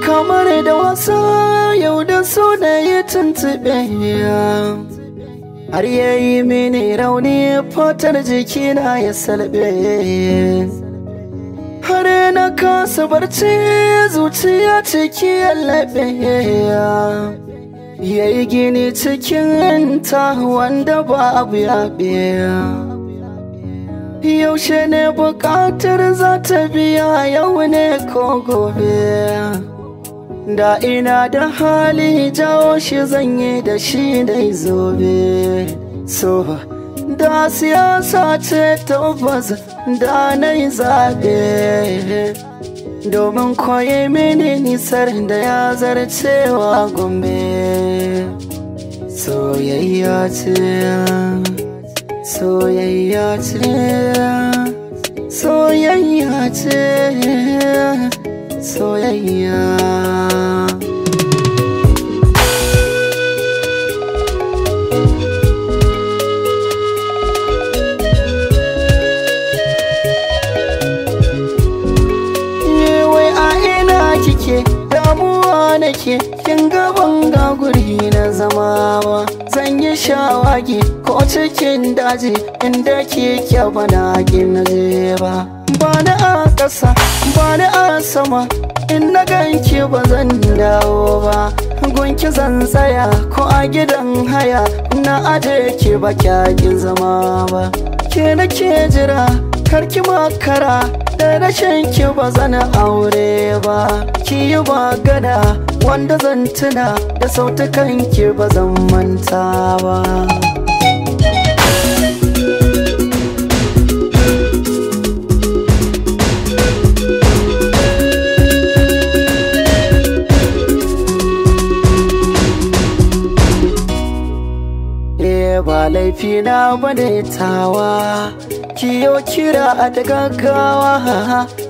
kamar da wasa yau da su da ya tuntuɓe har ya yi mini rauni fatar jikina ya salbe har na kasa barci zuciya ciki ya laɓe ya yi gini cikin ta wanda ba abu ya biya yaushe ne bukatar za ta biya yau ne ko gobe da ina da hali jawo shi zanye da shi dai zobe so da siyasa ce ta baza da na yi zaɓe domin koyi mini nisar da ya zarcewa gombe soyayya ce soyayya ce soyayya ce soyayya ke kin gaban ga guri na zama ba zan yi shawagi ko cikin daji inda ke kyaba na na je ba a ƙasa bani a sama in na ganki ba zan dawo ba gunki zan tsaya ko a gidan haya na aje ke ba zama ba ke nake jira karki makara da rashin ki ba zan aure ba ki yi magana wanda zan tuna da sautukan ki ba zan manta ba Eh ba laifi na bane tawa Kiyo kira a da gaggawa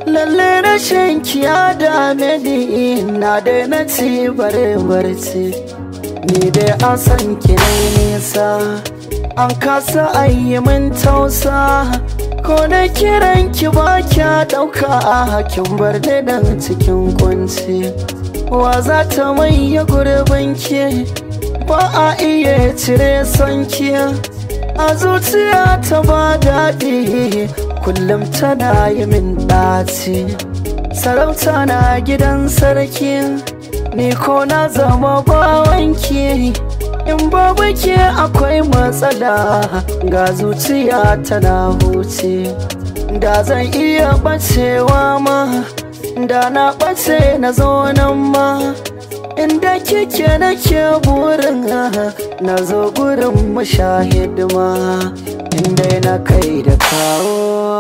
Lalle rashin kiya da ni na da na ci bare barci Ni dai an san ki nisa An kasa ayi min tausa Ko na kiran ki ba kya dauka a hakin bar cikin kunci Wa za ta gurbin ki ba a iya cire sonkiya a zuciya ta ba daɗi kullum tana yi min ɗaci sarauta na gidan sarki ni ko na zama bawanki in babu ke akwai matsala ga zuciya tana huce da zan iya bacewa ma da na bace na zo nan ma inda kike nake burin na zo gurin mashahidima inda na kai da kawo